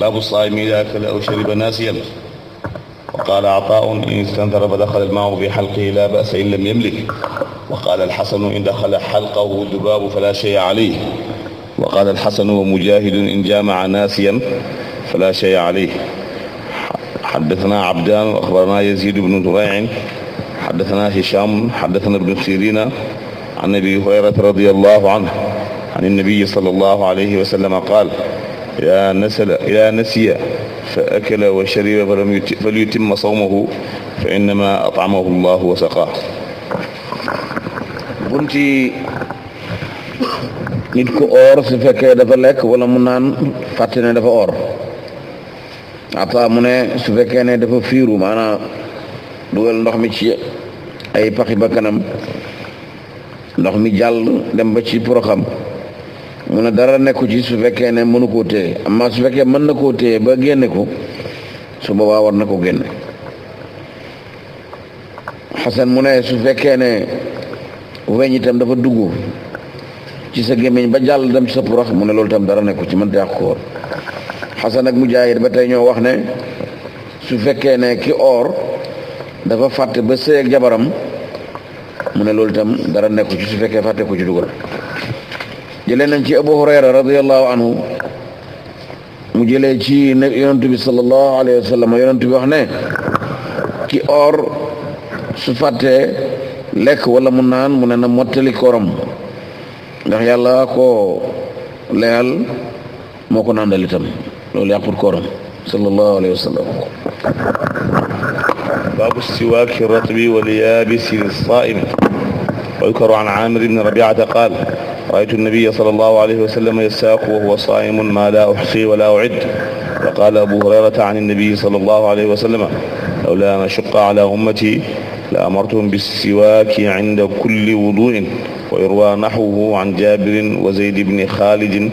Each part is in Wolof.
باب الصائم إذا أكل أو شرب ناسيا وقال عطاء إن استنثر دخل الماء بحلقه لا بأس إن لم يملك وقال الحسن إن دخل حلقه الذباب فلا شيء عليه وقال الحسن ومجاهد إن جامع ناسيا فلا شيء عليه حدثنا عبدان وأخبرنا يزيد بن زريع حدثنا هشام حدثنا ابن سيرين عن أبي هريرة رضي الله عنه عن النبي صلى الله عليه وسلم قال ida nasala ida nasiya fa akala wa shariba falyutimma sawmahu fa innama at'amahu allah wa saqaa bunti nit ku oor su fekkee dafa lekk wala mu naan fàtte ne dafa oor ata mu ne su fekkee ne dafa fiiru maanaam dugal ndox mi ci ay paxi ba kanam ndox mi jàll dem ba ci poroxam mu ne dara nekku ci su fekkee ne mënu koo téye amma su fekkee mën na koo téye ba génne ko su boobaa war na ko génne xasan mu ne su fekkee ne weñ itam dafa dugg ci sa gémmiñ ba jàll dem ci sa purax mu ne loolu itam dara nekku ci mën ta yàq koor xasan ak mujaahid ba tey ñoo wax ne su fekkee ne ki or dafa fàtte ba sëy jabaram mu ne loolu itam dara nekku ci su fekkee fàtte ci dugal jëlee nañ ci abu hurayra radiallahu anhu mu jëlee ci yonent bi sallallahu alayhi wa sallam yonent bi wax ne ki or su fàttee lekk wala mu naan mu ne na mottali koram ndax yàlla koo leyal moo ko naan dal itam loolu yàqut koram sallallahu alayhi wa sallam باب السواك الرطب واليابس للصائم ويذكر عن عامر بن ربيعة قال raaytu nabiya sallallahu alayhi wa sallam yasaaqu wa huwa saa'imun maa laa uxsi wa laa u'id wa qaala abu hurayrata an nabiyi sallallahu alayhi wa sallam lawlaa an ashqa ala ummati la amartuhum bisiwaaki inda kulli wudu'in wa yurwa naxwuhu an jaabirin wa zayd ibni xaalidin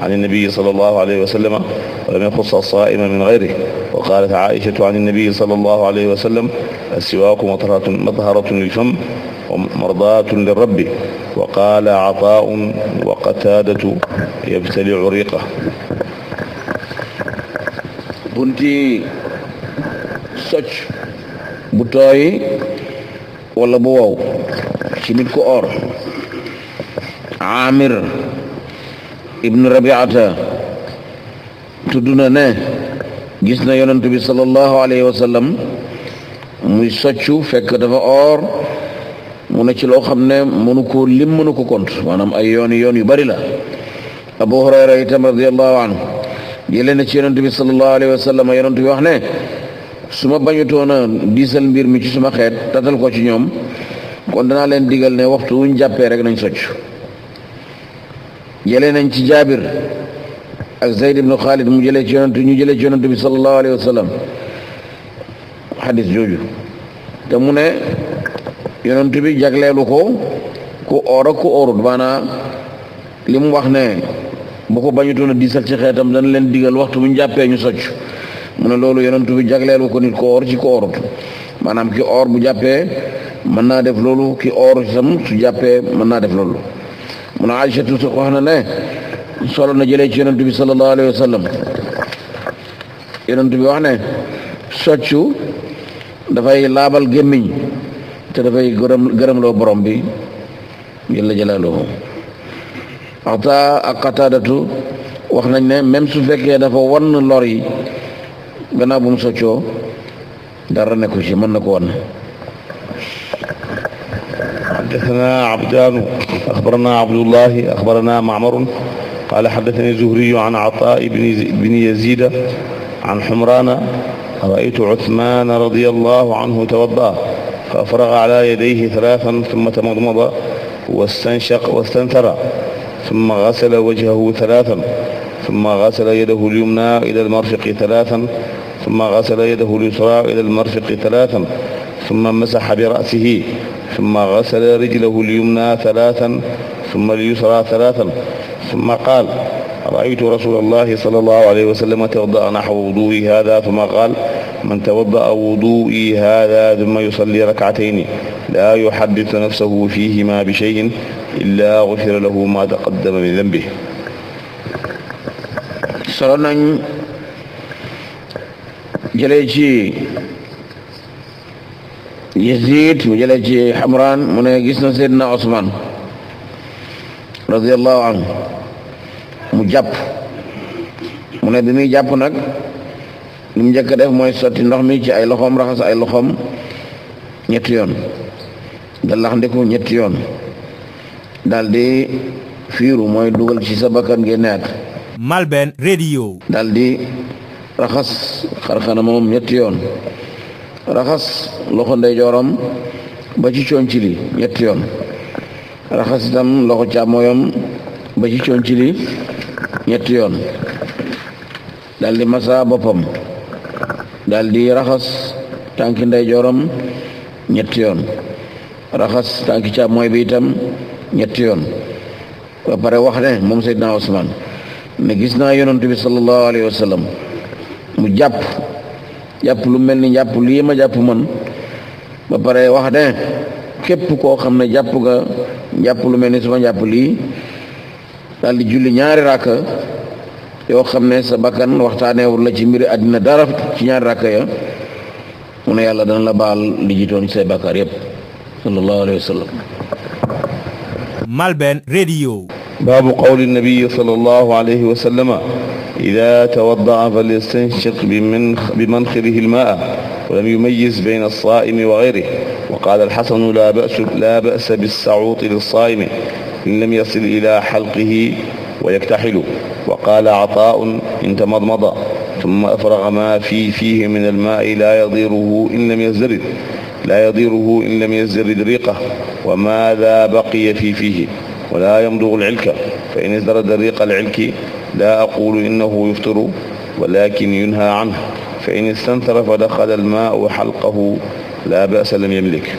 an nabiyi sallallahu alayhi wa sallam wa lam yaxussa saa'ima min gayrihi wa qaalat aa'ishatu an nabiyi sallallahu alayhi wa sallam assiwaaku matharatun lilfam wa mardaatun lirabbi wa qaala ataaun wa qataadatu yabtaliu riqa bunti socc bu tooy wala bu wow ci nit ku or amir ibnu rabiata tudd na ne gis na yonent bi sallallahu alayhi wa sallam muy soccu fekk dafa or mu ne ci loo xam ne mënu koo lim mënu ko kont maanaam ay yoon yoon yu bari la abu hurayra itam radiallahu anhu jëlee na ci yonent bi salallahu alayhi wa sallam yonent wax ne su ma bañutoon a mbir mi ci suma xeet tatal ko ci ñoom kon danaa leen digal ne waxtu wuñ jàppee rek nañ socc jëlee nañ ci jaabir ak zayd ibnu xaalid mu jëlee ci yonent ñu jëlee ci yonent bi salallahu alayhi xadis jooju te mu ne yonent bi jagleelu ko ku oor ak ku oorut maanaa li mu wax ne bu ko bañutoon a diisal ci xeetam dana leen digal waxtu bu ñu jàppee ñu socc mu ne loolu yonent bi jagleelu ko nit ku oor ci ku oorut maanaam ki oor bu jàppee mën naa def loolu ki oor sam su jàppee mën naa def loolu mu ne Aïchatu wax na ne solo na jëlee ci yonent bi sallallahu alayhi wa sallam bi wax ne soccu dafay laabal gémmiñ te dafay gërëm gërëmloo borom bi jalla jalaaluhu ata ak qataadatu wax nañ ne même su fekkee dafa wan lor yi gannaaw bu mu soccoo dara nekku ci mën na ko wan حدثنا عبدان أخبرنا عبد الله أخبرنا معمر قال حدثني زهري عن عطاء بن يزيد عن حمران رأيت عثمان رضي الله عنه توضأ fa afraga ala yadayhi thalathan thumma tamadmada wastanshaq wastantara thumma ghasala wajhahu thalathan thumma ghasala yadahu al-yumna ila al-marfiqi thalathan thumma ghasala yadahu al-yusra ila al-marfiqi thalathan thumma masaha bi ra'sihi thumma ghasala rijlahu al-yumna thalathan thumma al-yusra thalathan thumma qala ra'aytu rasulallahi sallallahu alayhi wa sallam tawadda'a nahwa wudu'i hadha thumma qala man tawaddaa wudu'i haadaa thumma yusalli rak'atayni laa yuhaddithu nafsahu fiihimaa bi shay'in illaa ghufira lahu maa taqaddama min dhanbihi solo nañ jëlee ci Yazid mu jëlee ci Hamran mu ne gis na Seydina Osman radiyallahu anhu mu jàpp mu ne bi muy jàpp nag li mu njëkk def mooy sotti ndox mi ci ay loxoom raxas ay loxoom ñetti yoon da lax ñetti yoon daldi di fiiru mooy dugal ci sa bakkan génnaat Malben Radio daal di raxas xarxana moom ñetti yoon raxas loxo ndeyjooram ba ci conci li ñetti yoon raxas itam loxo càmmooyam ba ci li ñetti yoon daldi di boppam dal di raxas tànki ndeyjooram ñetti yoon raxas tànki mooy bi itam ñetti yoon ba pare wax ne moom Seydina Usmaan ne gis naa yonent bi sallallahu alayhi mu jàpp jàpp lu mel ni jàpp lii ma jàpp man ba pare wax ne képp koo xam ne jàpp nga jàpp lu mel ni suma jàpp lii daal di julli ñaari raaka yoo xam ne sa bakkan waxtaaneewul la ci mbiri àddina dara ci ñaari rakk ya mu ne yàlla dana la baal li jiitoon say bakkaar yépp sallallahu alayhi wa sallam Malben Radio baabu qawli nabiyi sallallahu alayhi wa sallama ida tawaddaa falyastanshiq bi manxirihi almaa walam yumayyiz bayna alsaa'imi wa gayrihi wa qaala alxasanu laa ba'sa laa ba'sa bilsacuuti lilsaa'imi in lam yasil ila xalqihi ويكتحل وقال عطاء إن تمضمض ثم أفرغ ما في فيه من الماء لا يضيره إن لم يزدرد لا يضيره إن لم يزدرد ريقه وماذا بقي في فيه ولا يمضغ العلك فإن ازدرد ريق العلك لا أقول إنه يفطر ولكن ينهى عنه فإن استنثر فدخل الماء حلقه لا بأس لم يملك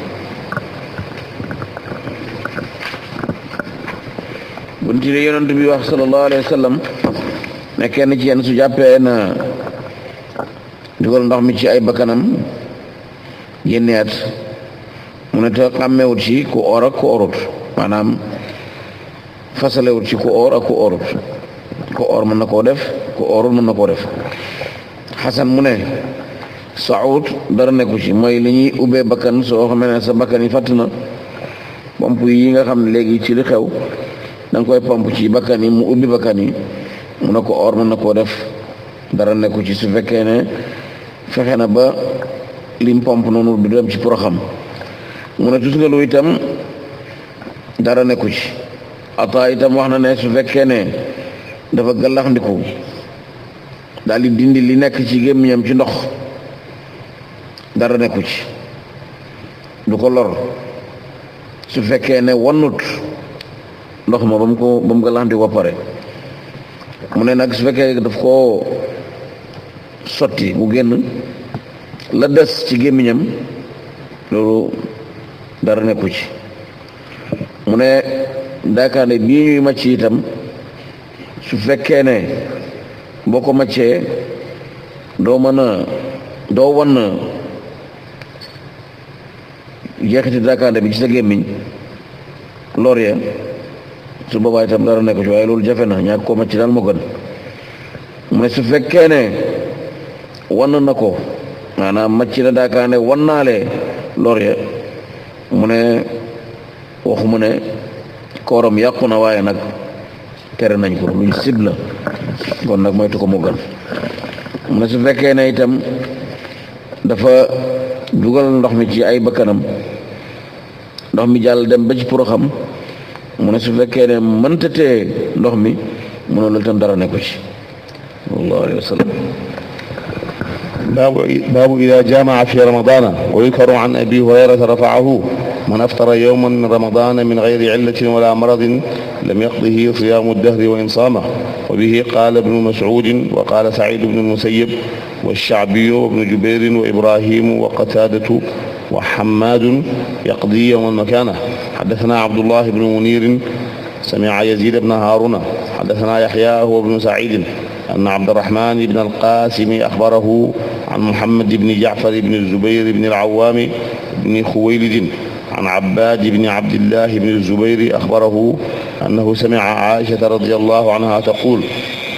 kon ci la yonent wax sallallahu alayhi wa sallam kenn ci yéen su jàppee na dugal ndox mi ci ay bakkanam génne at mu ne te xàmmewut ci ku or ak ku orut maanaam fasalewut ci ku or ak ku orut ku or mën na koo def ku orut mën na koo def xasan mu ne saxut dara nekku ci mooy li ñuy ubbee bakkan soo xamee ne sa bakkan yi fàtt na pomp yi nga xam léegi ci li xew da koy pomp ci bakkan yi mu ubbi bakkan yi mu ne ko or mën na koo def dara nekku ci su fekkee ne fexe na ba lim pomp noonu du dem ci pour poroxam mu ne tusngalu itam dara nekku ci ata itam wax na ne su fekkee ne dafa gàllax ndiku daal di dindi li nekk ci gémmiñam ci ndox dara nekku ci du ko lor su fekkee ne wannut ndox ma ba mu ko ba mu ko laxanti ko pare mu ne nag su fekkee daf koo sotti bu génn la des ci gémmiñam loolu dara nekku ci mu ne daakaande bii ñuy màcc itam su fekkee ne boo ko màccee doo mën a doo wan jeexiti daakaande bi ci sa gémmiñ lor ya su boobaa tam dara nekk ci waaye loolu jafe na ñàkk koo ma ci daal moo gën mu ne su fekkee ne wan na ko maanaam macc na daakaane wan naale lor ya mu ne waxu mu ne kooram yàqu na waaye nag tere nañ ko luñ sib kon nag moytu ko mu gën mu ne su fekkee ne itam dafa dugal ndox mi ci ay bakkanam ndox mi jàll dem ba ci poroxam mu ne su fekkee ne mënta tee ndox mi mu ne loolu tam dara nekku ci sallallahu alayhi wa sallam باب باب إذا جامع في رمضان ويذكر عن أبي هريرة رفعه من أفطر يوما من رمضان من غير علة ولا مرض لم يقضه صيام الدهر وإن صامه وبه قال ابن مسعود وقال سعيد بن المسيب والشعبي وابن جبير وإبراهيم وقتادة وحماد يقضي يوما مكانه حدثنا عبد الله بن منير سمع يزيد بن هارون حدثنا يحيى هو بن سعيد أن عبد الرحمن بن القاسم أخبره عن محمد بن جعفر بن الزبير بن العوام بن خويلد عن عباد بن عبد الله بن الزبير أخبره أنه سمع عائشة رضي الله عنها تقول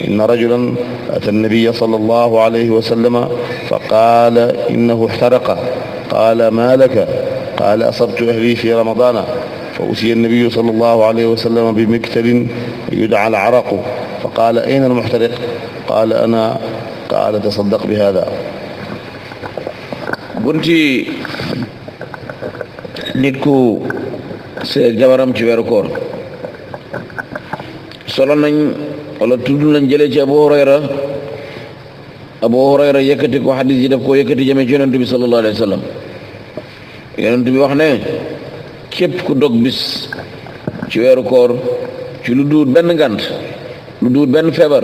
إن رجلا أتى النبي صلى الله عليه وسلم فقال إنه احترق قال ما لك قال أصبت أهلي في رمضان فأتي النبي صلى الله عليه وسلم بمكتل يدعى العرق فقال أين المحترق قال أنا قال تصدق بهذا bunti nit ku see jabaram ci weeru koor solo nañ wala tudd nañ jëlee ci Abu Hurayra Abu Hurayra yëkkati ko xadis yi daf koo yëkkati jëmee ci yonent bi sallallahu alayhi wa sallam yonent bi wax ne képp ku dog bis ci weeru koor ci lu duut benn ngant lu duut benn feebar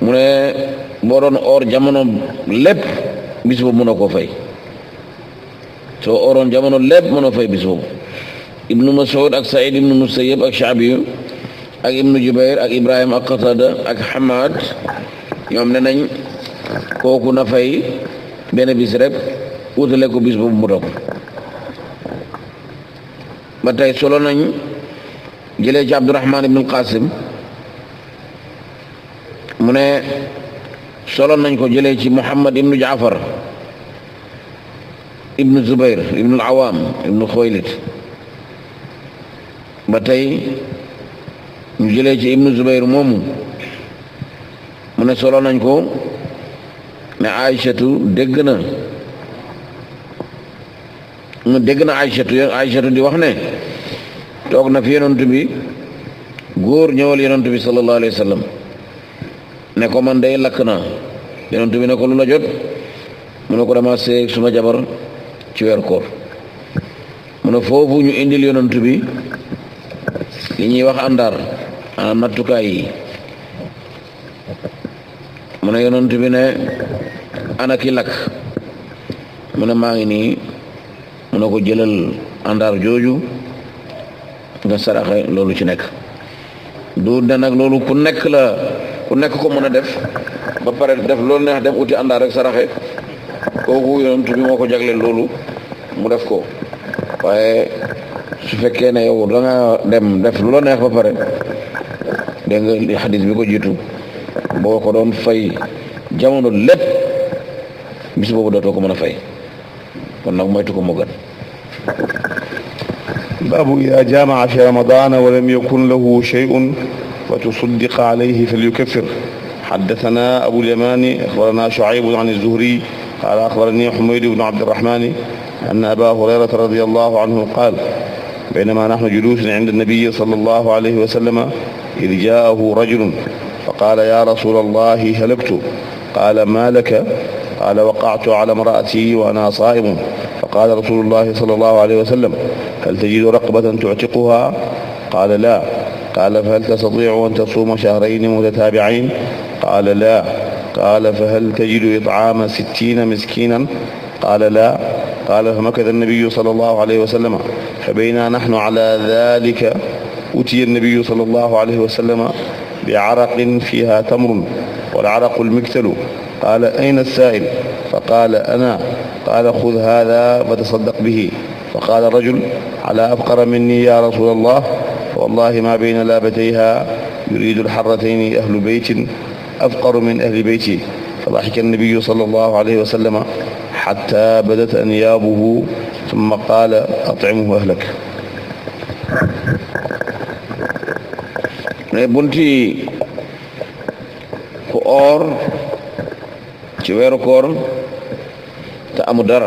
mu ne boo doon or jamono lépp bis boobu mënoo koo fay soo oroon jamono lépp mënoo fay bis boobu ibnu Mas'ud ak Saïd ibnu Musayyib ak Shaabi ak ibnu Jubayr ak Ibrahim ak Qatada ak Hamad ñoom ne nañ kooku na fay benn bis rek wutale ko bis boobu mu dog ba tey solo nañ jëlee ci Abdurahman ibn Qasim mu ne solo nañ ko jëlee ci Muhammad ibnu Jaafar ibnu Zubair ibnu Awaam ibnu Xoylit ba tey ñu jëlee ci ibnu Zubair moomu mu ne solo nañ ko ne Aïchatu dégg na dégg na Aysatu Aysatu di wax ne toog na fi yonent bi góor ñëwal yonent bi sallallahu alayhi ne ko man day lakk naa yonent bi ne ko lu la jot mu ne ko dama seeg suma jabar ci weer koor mu ne foofu ñu indil yonent bi li ñuy wax àndaar maanaam nattukaay yi mu ne yonent bi ne ana ki lakk mu maa ngi nii mu ne ko jëlal àndaar jooju nga saraxe loolu ci nekk du de nag loolu ku nekk la ku nekk ko mën a def ba pare def loolu neex dem uti àndaar rek saraxe kooku yonent bi moo ko jagleel loolu mu def ko waaye su fekkee ne yow danga dem def lu la neex ba pare dégg nga xadis bi ko jiitu boo ko doon fay jamono lépp bis boobu dootoo ko mën a fay kon nag moytu ko moo الأب إذا جامع في رمضان ولم يكن له شيء فتصدق عليه فليكفر حدثنا أبو اليماني أخبرنا شعيب عن الزهري قال أخبرني حميد بن عبد الرحمن أن أبا هريرة رضي الله عنه قال بينما نحن جلوس عند النبي صلى الله عليه وسلم إذ جاءه رجل فقال يا رسول الله هلبت قال ما لك قال وقعت على امرأتي وأنا صائم فقال رسول الله صلى الله عليه وسلم هل تجد رقبة تعتقها قال لا قال فهل تستطيع أن تصوم شهرين متتابعين قال لا قال فهل تجد إطعام ستين مسكينا قال لا قال فمكث النبي صلى الله عليه وسلم فبينا نحن على ذلك أتي النبي صلى الله عليه وسلم بعرق فيها تمر والعرق المكتل قال أين السائل فقال أنا قال خذ هذا فتصدق به fa qaala rajul ala abqara minni ya rasul allah wallahi ma bayna laabatayha yuridu alxarratayni ahlu beytin afqaru min ahli beyti فضحك النبي صلى الله عليه وسلم حتى بدت أنيابه ثم قال أطعمه أهلك ne bunti ku oor ci weeru koor te amu dara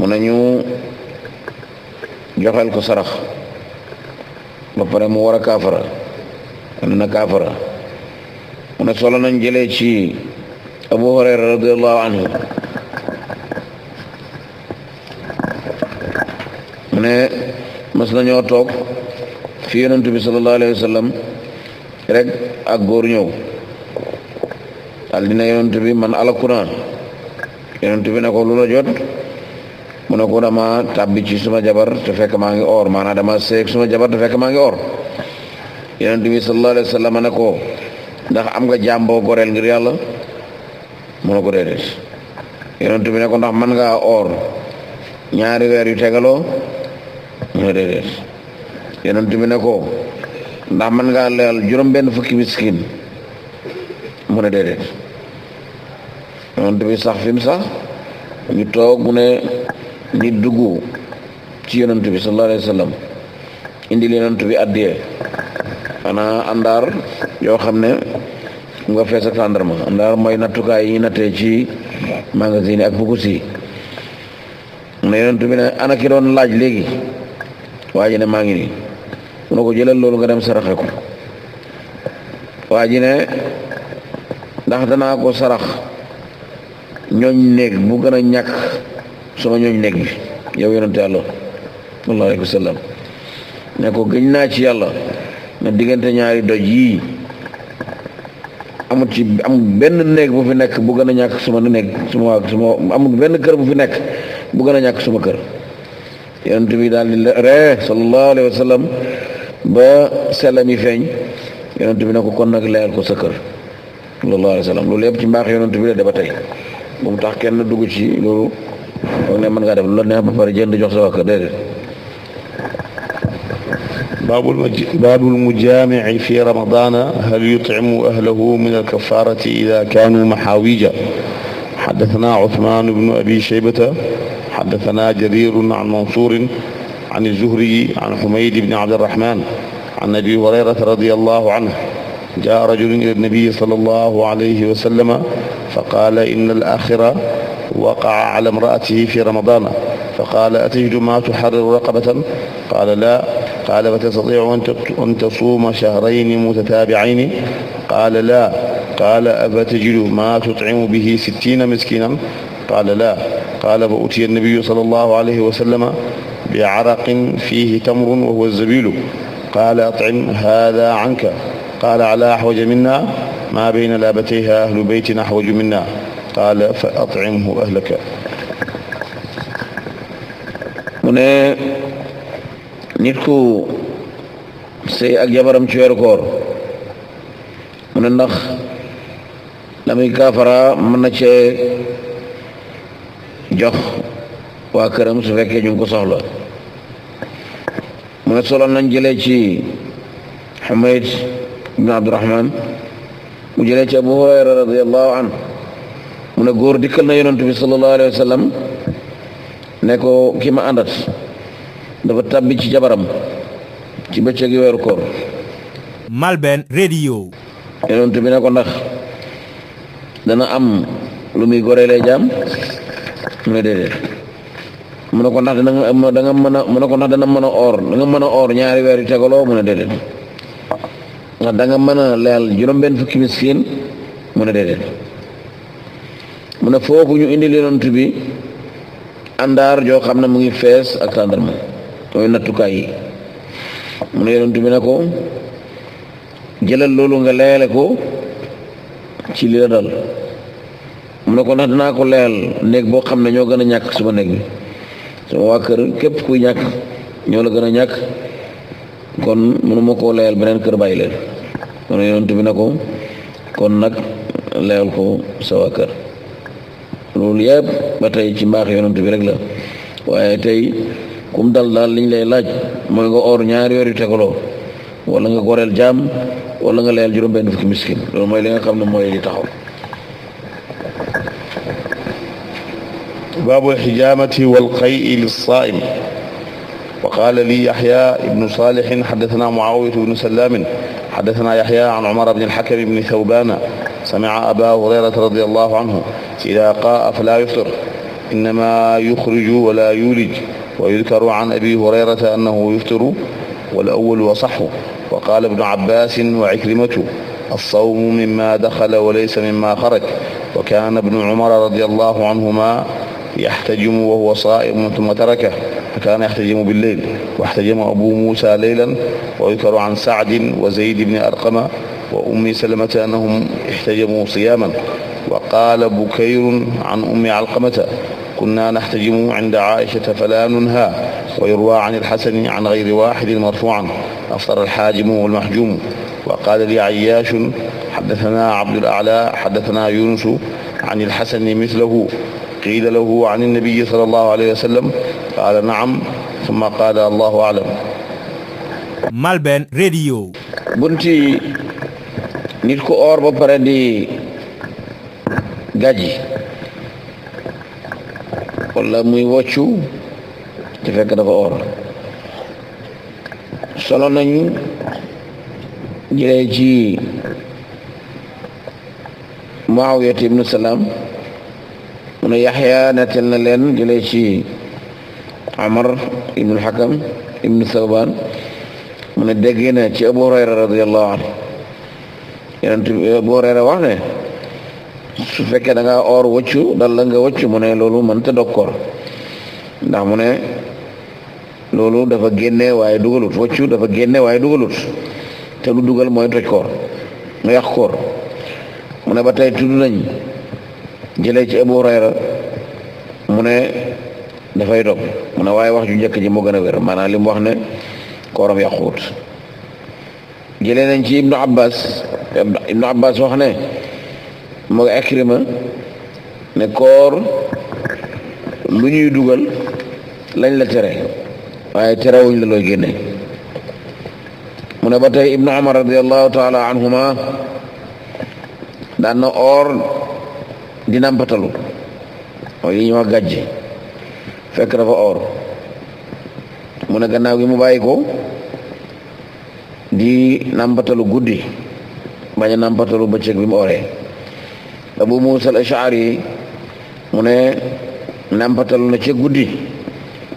mu nañu joxel ko sarax ba pare mu war a kaafara na kaafara mu ne solo nañ jëlee ci abu hurayra radiallahu anhu mu ne mas nañoo toog fi yonent bi sallallahu alayhi wa sallam rek ak góor ñëw daal dina yonent man alaku naa yonent bi ko lu la ne ko dama tàbbi ci suma jabar te fekk maa ngi or maanaam dama seeg suma jabar te fekk maa ngi or yonent bi sallallahu alayhi wa sallam ne ko am nga jaam boo goreel ngir ne ko déedéet yonent bi ne ndax man ngaa or ñaari weer yu tegaloo mu ne déedéet yonent bi ko ndax man ngaa leel juróom benn fukki miskin mu sax fi sax ñu toog ne nit dugg ci yonent bi sallallahu alayhi wa sallam indi li bi addiyee xanaa àndaar yoo xam ne nga fees ak tàndarma àndaar mooy nattukaay yi nattee ci magasin yi ak fukkus si ne yonent bi ne ana ki doon laaj léegi waa ji ne maa ngi nii mu ko jëlal loolu nga dem saraxe ko waa ne ndax danaa ko sarax ñoñ néeg bu gën a ñàkk sama ñooñ nekk bi yow yonante yàlla sallallahu alayhi wa sallam ne ko gëñ naa ci yàlla ne diggante ñaari doj yii amul ci amul benn néeg bu fi nekk bu gën a ñàkk suma néeg suma suma amul benn kër bu fi nekk bu gën a ñàkk suma kër yonent bi daal di ree sallallahu alayhi wa sallam ba sellam yi feeñ yonent bi ne ko kon nag leeral ko sa kër sallallahu alayhi wa sallam loolu yëpp ci mbaax yonent bi la de ba tey bu mu tax kenn dugg ci loolu foog ne mën ngaa def loolu neex ba pare jënd jox sa wakk déedéet baabul mu baabul mujaamici fi ramadaana hal yutcimu ahlahu min alkafaarati ida kaanu maxaawija xaddasanaa Usmaan ibnu abi shaybata xaddasanaa jariirun an mansuurin an zuhriyi an xumayd ibni abdirahman an abi hurayrata radiyallaahu anhu jaa rajulun ila nabiyi sallallaahu alayhi wa sallama fa qaala inna al-aaxira وقع على امرأته في رمضان فقال أتجد ما تحرر رقبة قال لا قال فتستطيع أن تصوم شهرين متتابعين قال لا قال أفتجد ما تطعم به ستين مسكينا قال لا قال فأتي النبي صلى الله عليه وسلم بعرق فيه تمر وهو الزبيل قال أطعم هذا عنك قال على أحوج منا ما بين لابتيها أهل بيت أحوج منا qaala fa at'imhu ahlaka mu ne nit ku sëy ak jabaram ci weeru koor mu ne ndax la muy kaafara mën na cee jox waa këram su fekkee ñu ngi ko soxla mu ne solo nañ jëlee ci Humayd ibn Abdurahman mu jëlee ci Abu Hurayra radiyallahu anhu mu ne góor dikkal na yonent bi sallallahu alayhi sallam ne ko ki ma àndat dafa tàbbi ci jabaram ci bëccëg weeru koor Malben Radio yonent bi ne ko ndax dana am lu muy goree lay jaam mu ne déedéet mu ko ndax da nga mën a mu ne ko ndax dana mën a oor da nga mën a oor ñaari weer yu tegaloo mu ne déedéet ndax danga nga mën a leyal juróom-benn fukki miskin mu ne déedéet mu na foofu ñu indi yonent bi àndaar joo xam ne mu ngi fees ak tàndarma mooy nattukaay yi mu ne yonent bi ne ko jëlal loolu nga leele ko ci li la dal mu ne ko ndax dinaa ko leel néeg boo xam ne ñoo gën a ñàkk suma néeg bi suma waa kër képp kuy ñàkk ñoo la gën a ñàkk kon mënuma koo leyal beneen kër bàyyi leen kon yonent bi na ko kon nag leyal ko sa kër loolu yëpp ba tey ci mbaax yonent bi rek la waaye tey kum dal daal liñ lay laaj mooy nga or ñaari weer yu tegaloo wala nga goreel jaam wala nga leyal juróom-benn fukki miskin loolu mooy li nga xam ne mooy li taxaw baabu alxijaamati walqayi lilsaaim wa qaala li yaxya ibnu saalixin xadatanaa muaawiyatu ibnu salaamin xadatanaa yaxya an umar bni alxakam ibni thawbaana سمع أبا هريرة رضي الله عنه إذا قاء فلا يفطر إنما يخرج ولا يولج ويذكر عن أبي هريرة أنه يفطر والأول وصح وقال ابن عباس وعكرمة الصوم مما دخل وليس مما خرج وكان ابن عمر رضي الله عنهما يحتجم وهو صائم ثم تركه فكان يحتجم بالليل واحتجم أبو موسى ليلا ويذكر عن سعد وزيد بن أرقم وأم سلمة أنهم احتجموا صياما وقال بكير عن أم علقمة كنا نحتجم عند عائشة فلا ننهى ويروى عن الحسن عن غير واحد مرفوعا أفطر الحاجم والمحجوم وقال لي عياش حدثنا عبد الأعلى حدثنا يونس عن الحسن مثله قيل له عن النبي صلى الله عليه وسلم قال نعم ثم قال الله أعلم Malben Radio bunti nit ku oor ba pare di gaji wala muy woccu te fekk dafa oor solo nañu jëlee ci Muawiyat ibnu Salaam mu ne Yaxya na leen jëlee ci Amar ibnu Xakam ibnu Sawbaan mu ne dégg na ci Abu Hurayra radiyallahu anhu yonent Abu eh, Hurayra wax ne su fekkee da nga or wëccu dal la nga wëccu mu ne loolu mënta dog koor ndax mu ne loolu dafa génne waaye dugalut wëccu dafa génne waaye dugalut te lu dugal mooy toj koor mu yàq koor mu ne ba tey tudd nañ jëlee ci Abu Hurayra mu ne dafay dog mu ne waaye wax ju njëkk ji moo gën a wér maanaam li mu wax ne kooram yàquwut jëlee nañ ci ibnu abbas ibnu abbas wax ne moo nga Ikrima ne koor lu ñuy dugal lañ la tere waaye terewuñ la looy génne mu ne ba tey ibnu Umar radiallahu taala anhuma daan na oor di nampatalu mooy li gàjj fekk dafa oor mu ne gannaaw gi mu ko di nàmpatalu guddi bañ a nàmpatalu bëccëg bi mu oree abu muusa al ashari mu ne nàmpatalu na ca guddi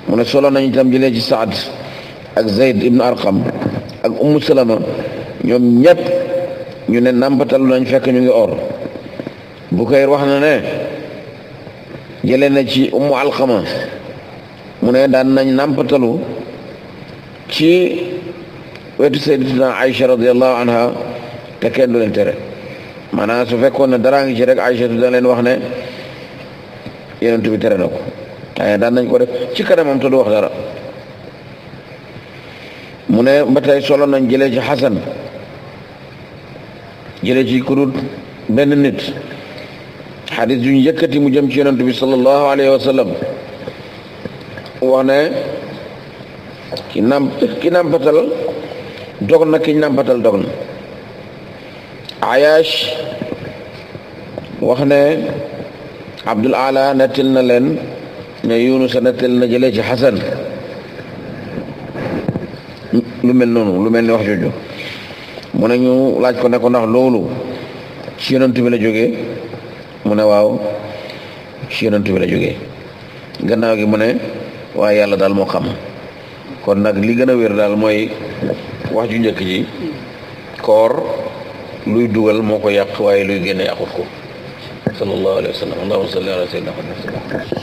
mu ne solo nañu tam jëlee ci saad ak zayd ibn arqam ak ummu salama ñoom ñépp ñu ne nàmpatalu nañ fekk ñu ngi or bukayr wax na ne jële na ci ummu alqama mu ne daan nañ nàmpatalu ci wetu sayyidatuna Aïcha radiyallahu te kenn du leen tere maanaam su fekkoon ne daraa ngi ci rek Aïcha dina leen wax ne yonent bi tere na ko waaye daan nañ ko def ci kanamam te du wax dara mu ne ba tey solo nañ jëlee ci Xasan jëlee ci benn nit xadis ju ñu yëkkati mu jëm ci yonent bi sallallahu alayhi wa wax ne ki nam ki dog na kiñ nàmpatal dog na ayash wax ne abdul ala nettil na leen ne yunus a nettil na jëlee ci xasan lu mel noonu lu mel ni wax jooju mu ne ñu laaj ko ne ndax loolu ci yonent bi la jóge mu ne waaw ci yonent bi la jóge gannaaw gi mu ne waaye yàlla daal moo xam kon nag li gën a wér daal mooy wax ju njëkk ji koor luy dugal moo ko yàq waaye luy génn yàqut ko sallallahu alayhi wa sallam